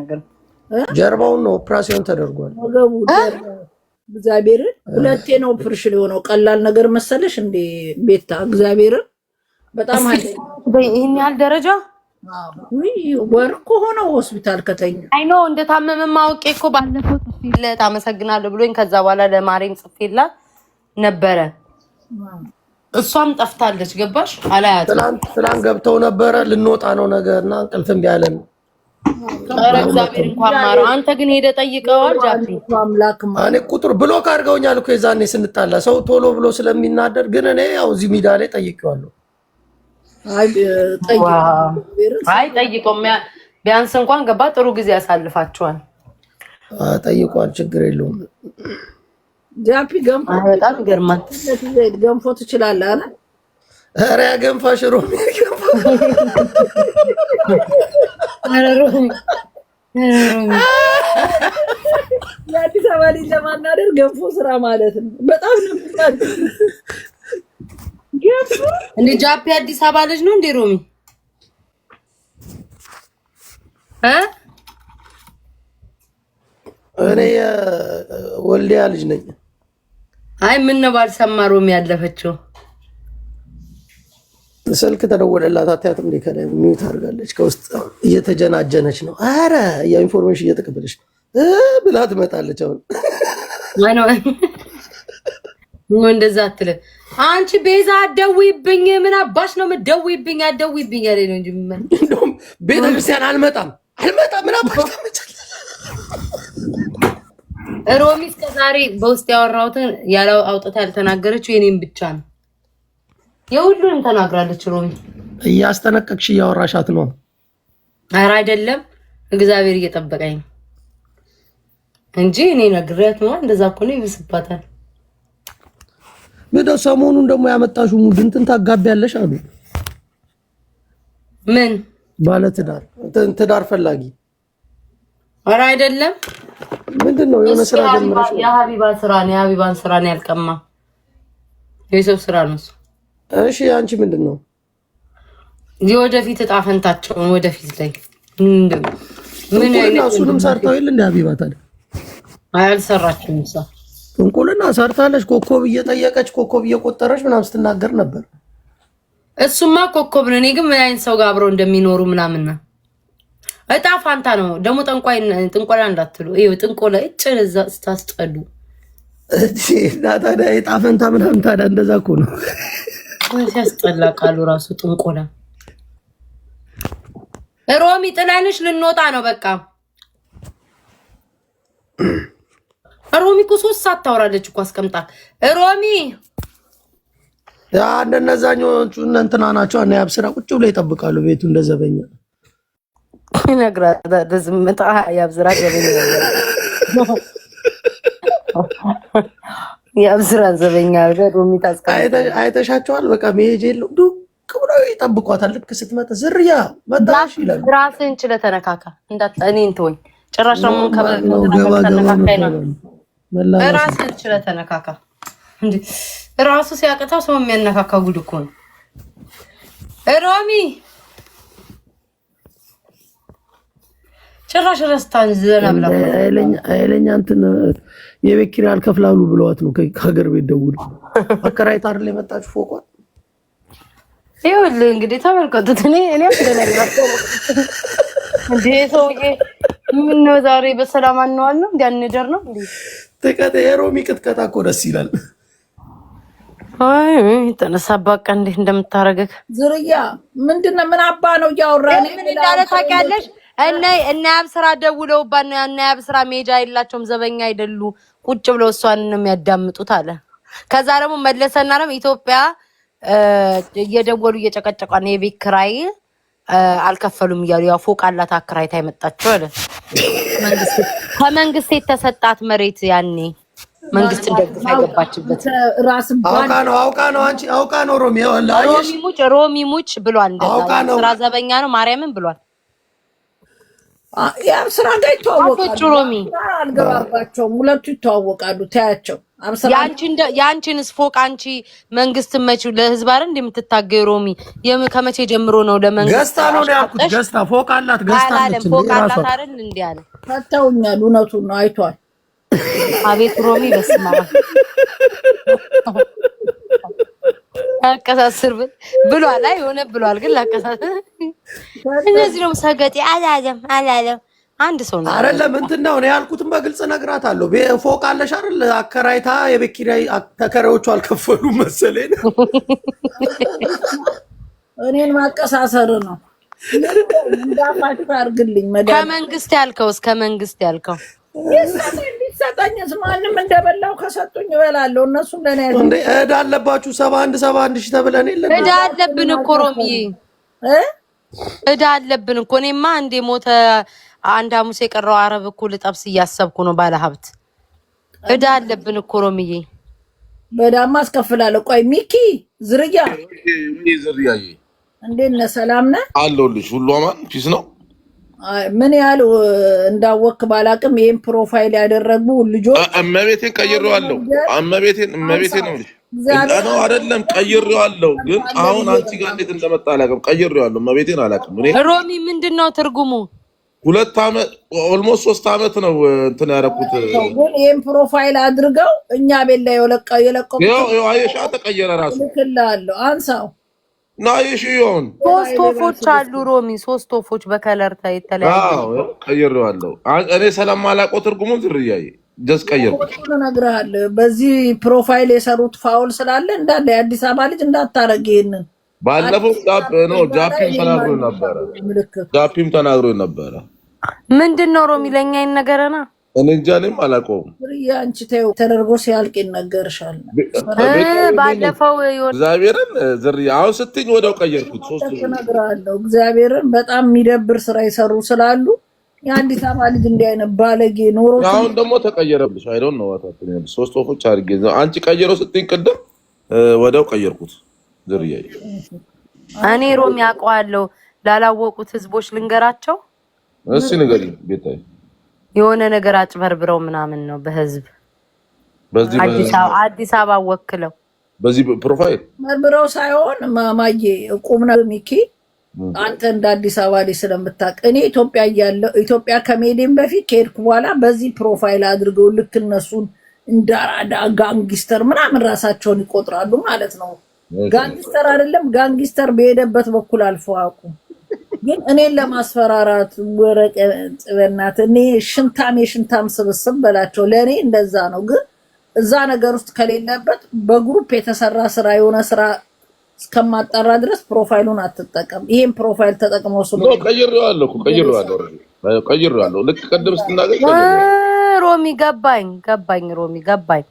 ነገር ጀርባውን ነው ኦፕራሲዮን ተደርጓል። እግዚአብሔርን ሁለቴ ነው ቀላል ነገር መሰለሽ እንዴ ቤታ? እግዚአብሔርን በጣም ይህን ያህል ደረጃ ወር እኮ ሆስፒታል ከተኛ አይኖ እንደታመመ ማወቄ እኮ ባለፈው ጽፌለት አመሰግናለሁ ብሎኝ ከዛ በኋላ ለማሬም ጽፌላት ነበረ። እሷም ጠፍታለች። ገባሽ? አላያት ትናንት ገብተው ነበረ ልንወጣ ነው ነገር እና እንቅልፍም ቢያለን ኧረ እግዚአብሔር እንኳን ማረው። አንተ ግን ሄደህ ጠይቀዋል። እኔ ቁጥር ብሎክ አድርገውኛል እኮ የዛኔ ስንጣላ ሰው ቶሎ ብሎ ስለሚናደር፣ ግን እኔ ያው እዚህ ሜዳ ላይ ጠይቄዋለሁ። አይ ጠይቀው፣ ቢያንስ እንኳን ገባ ጥሩ ጊዜ ያሳልፋችኋል። ጠይቋል፣ ችግር የለውም። ጃፒ በጣም ይገርማል። ገንፎ ትችላለህ አለ። ኧረ ገንፋ ሽሮ ገንፋ የአዲስ አበባ ልጅ ለማናደር ገንፎ ስራ ማለት ነው። በጣም ነው እንደ ጃፒ አዲስ አበባ ልጅ ነው እንዴ? ሮሚ እኔ ወልዲያ ልጅ ነኝ። አይ ምን ነው ባልሰማ ሮሚ ያለፈችው ስልክ ተደወለላት። አትያትም እንዴ? ከላይ ሚዩት አድርጋለች። ከውስጥ እየተጀናጀነች ነው። አረ የኢንፎርሜሽን እየተቀበለች ነው ብላ ትመጣለች። አሁን እንደዛ አትልም። አንቺ ቤዛ አደዊብኝ። ምን አባሽ ነው የምትደውይብኝ? አደዊብኝ ያለ ነው እንጂ እንደውም ቤተክርስቲያን አልመጣም አልመጣም ምን አባሽ ሮሚ እስከ በውስጥ ያወራሁትን ያለው አውጥታ ያልተናገረችው የኔም ብቻ ነው የሁሉንም ተናግራለች። ሮሚ እያስጠነቀቅሽ እያወራሻት ነው። ኧረ አይደለም እግዚአብሔር እየጠበቀኝ ነው እንጂ እኔ ነግሬያት ነዋ። እንደዛ እኮ ነው ይብስባታል። ምነው ሰሞኑን ደግሞ ያመጣሽው ሙድ እንትን ታጋቢያለሽ አሉ። ምን ባለ ትዳር ትዳር ፈላጊ? ኧረ አይደለም ምንድን ነው የሆነ ስራ ጀምረሽ የሀቢባን ስራ ነው። የሀቢባን ስራ ነው ያልቀማ የሰው ስራ ነው እሱ እሺ አንቺ ምንድን ነው የወደፊት እጣ ፈንታቸውን ወደፊት ላይ ጥንቁልና እሱንም ሰርተው የለ እንደ ሀቢባ ታዲያ አልሰራችም። እሷ ጥንቁልና ሰርታለች። ኮኮብ እየጠየቀች ኮኮብ እየቆጠረች ምናምን ስትናገር ነበር። እሱማ ኮኮብ ነው። እኔ ግን ምን አይነት ሰው ጋር አብረው እንደሚኖሩ ምናምን እጣ ፋንታ ነው ደግሞ። ጠንቋይ ጥንቆላ እንዳትሉ። ይኸው ጥንቆላ እጭን እዛ ስታስጠሉ እና ታዲያ እጣ ፈንታ ምናምን ታዲያ እንደዛ እኮ ነው። ሲያስጠላ ቃሉ ራሱ ጥንቆላ። ሮሚ ጥለንሽ ልንወጣ ነው በቃ። ሮሚ እኮ ሶስት ሰዓት ታወራለች እኮ አስቀምጣ። ሮሚ እንደነዛኞቹ እንትና ናቸው። እና ያብስራ ቁጭ ብሎ ይጠብቃሉ ቤቱ እንደዘበኛ ይነግራታል። ዝምታ ያብስራ ገበኛ የአብስራ ዘበኛ ሮሚ አይተሻቸዋል። በቃ መሄጅ የለው ዱቅ ብሎ ይጠብቋታል። ልክ ስትመጣ ዝርያ መጣሽ ይላሉ። ራስን ችለ ተነካካ እንዳት እኔን ትወኝ ጭራሽ ደግሞ ራስን ችለ ተነካካ። ራሱ ሲያቅተው ሰው የሚያነካካ ጉድ እኮ ነው ሮሚ ጭራሽ ረስታን ዘና ብላ ኃይለኛ እንትን የቤት ኪራይ አልከፍላሉ ብለዋት ነው ከሀገር ቤት ደውል አከራይታ አይደል የመጣች ፎቋል። ይኸውልህ እንግዲህ ተመልከቱት። እኔ እኔ እንደነግራቸው እንዴ ሰውዬ ምነው ዛሬ በሰላም አንዋል ነው እንዲ አንደር ነው ጥቀት የሮሚ ቅጥቀጣ እኮ ደስ ይላል። የተነሳባት ቀን እንዴት እንደምታረገክ ዝርያ ምንድነ ምን አባ ነው እያወራ ምን እንዳለ ታውቂያለሽ? እና እና ያብስራ ደውለውባት ነው እና ያብስራ ሜጃ የላቸውም ዘበኛ አይደሉ ቁጭ ብለው እሷን ነው የሚያዳምጡት አለ። ከዛ ደግሞ መለሰና ደግሞ ኢትዮጵያ እየደወሉ እየጨቀጨቋ ነው የቤት ኪራይ አልከፈሉም እያሉ ያው ፎቅ አላት አከራይታ የመጣችው አለ። ከመንግስት የተሰጣት መሬት ያኔ መንግስት እንደግፍ አይገባችበት አውቃ ነው አውቃ ነው አንቺ አውቃ ነው ሮሚ ሮሚ ሙጭ ሮሚ ሙጭ ብሏል። እንደዛ ስራ ዘበኛ ነው ማርያምን ብሏል። ያም ጋር ይተዋወቃሉ። አልገባባቸውም። ሁለቱ ይተዋወቃሉ። ታያቸው። የአንቺንስ ፎቅ አንቺ መንግስት መች ለህዝብ አይደል እንደምትታገይ ሮሚ ከመቼ ጀምሮ ነው ለመንግስት ገዝታ ነው ያልኩት። ገዝታ ፎቅ አላት። ገዝታ ነች። ፎቅ አላት አይደል እንዴ አለ። ፈተውኛል። እውነቱን ነው። አይቷል። አቤት ሮሚ በስማ ላቀሳስር ብሏል። አይ ሆነ ብሏል ግን ላቀሳስር እነዚህ ነው ሰገጤ አላለም አላለም አንድ ሰው ነው አይደለም። እንትን ነው እኔ ያልኩትን በግልጽ እነግራታለሁ። ፎቅ አለሽ አይደል? አከራይታ የቤት ኪራይ ተከራዮቹ አልከፈሉም መሰለኝ። እኔን ማቀሳሰር ነው። እንዳፋችሁ አድርግልኝ። ከመንግስት ያልከውስ ከመንግስት ያልከው ሰጠኝስ ማንም እንደበላው ከሰጡኝ እበላለሁ። እነሱ እንደኔ ዕዳ አለባችሁ ሰባ አንድ ሰባ አንድ ሺህ ተብለን የለን ዕዳ አለብን እኮ ሮምዬ እዳ አለብን እኮ እኔማ እንደ ሞተ አንድ ሐሙስ የቀረው አረብ እኮ ልጠብስ እያሰብኩ ነው። ባለ ሀብት እዳ አለብን እኮ ሮምዬ። በዳማ አስከፍላለሁ። ቆይ ሚኪ ዝርያ ዝርያዬ እንዴት ነህ? ሰላም ነህ? አለሁልሽ። ሁሉ አማን ፊስ ነው። ምን ያህል እንዳወክ ባላቅም ይህን ፕሮፋይል ያደረጉ ልጆች እመቤቴን ቀይሬዋለሁ። እመቤቴን እመቤቴን ነው ልሽ ነው አይደለም፣ ቀይሬዋለሁ። ግን አሁን አንቺ ጋር እንዴት እንደመጣ አላውቅም። ቀይሬዋለሁ፣ መቤቴን አላውቅም። እኔ ሮሚ ምንድን ነው ትርጉሙ? ሁለት ዓመት ኦልሞስት ሶስት ዓመት ነው እንትን ያደረኩት። ግን ይህን ፕሮፋይል አድርገው እኛ ቤላ የለቀቁት አየሻ፣ ተቀየረ ራሱ ልክላለሁ። አንሳው ናይሽ ይሆን ሶስት ወፎች አሉ ሮሚ፣ ሶስት ወፎች በከለር የተለያዩ ቀይሬዋለሁ። እኔ ሰላም አላውቀው ትርጉሙን ዝርያዬ ጀስ ቀይር ነግርሃል። በዚህ ፕሮፋይል የሰሩት ፋውል ስላለ እንዳለ የአዲስ አበባ ልጅ እንዳታረግ ይህንን ባለፈው ጃፒም ተናግሮ ነበረ። ጃፒም ተናግሮ ነበረ። ምንድን ነው ሮሚ ለእኛ ይነገረና እኔ እንጃ እኔም አላውቀውም። አንቺ ተይው ተደርጎ ሲያልቅ ይነገርሻል። ባለፈው እግዚአብሔርን ዝርያ አሁን ስትኝ ወደው ቀየርኩት። ሶስት እነግርሃለሁ እግዚአብሔርን በጣም የሚደብር ስራ የሰሩ ስላሉ የአዲስ አበባ ልጅ እንዲህ አይነት ባለጌ ኖሮ አሁን ደግሞ ተቀየረብሽ። አይ ዶንት ኖ ዋት ሃፕንድ። ሶስት ወፎች አድርጌ አንቺ ቀየረው ስትኝ ቅድም ወደው ቀየርኩት። ዝርያ እኔ ሮም ያውቀዋለሁ። ላላወቁት ህዝቦች ልንገራቸው እስቲ ንገሪ። ቤታይ የሆነ ነገር አጭበርብረው ምናምን ነው በህዝብ አዲስ አበባ ወክለው በዚህ ፕሮፋይል በርብረው ሳይሆን ማማዬ ቁም ነው ሚኪ አንተ እንደ አዲስ አበባ ላይ ስለምታውቅ እኔ ኢትዮጵያ እያለሁ ኢትዮጵያ ከሜዴን በፊት ከሄድኩ በኋላ በዚህ ፕሮፋይል አድርገው ልክ እነሱን እንደ አራዳ ጋንጊስተር ምናምን ራሳቸውን ይቆጥራሉ ማለት ነው። ጋንግስተር አይደለም ጋንግስተር በሄደበት በኩል አልፎ አያውቁም። ግን እኔን ለማስፈራራት ወረቀ ጥበናት እኔ ሽንታም የሽንታም ስብስብ በላቸው ለእኔ እንደዛ ነው። ግን እዛ ነገር ውስጥ ከሌለበት በግሩፕ የተሰራ ስራ የሆነ ስራ እስከማጣራ ድረስ ፕሮፋይሉን አትጠቀም። ይሄን ፕሮፋይል ተጠቅመው ስለ ቀይሬዋለሁ እኮ ቀይሬዋለሁ፣ ቀይሬዋለሁ። ልክ ቅድም ስናገኝ ሮሚ ገባኝ ገባኝ ሮሚ ገባኝ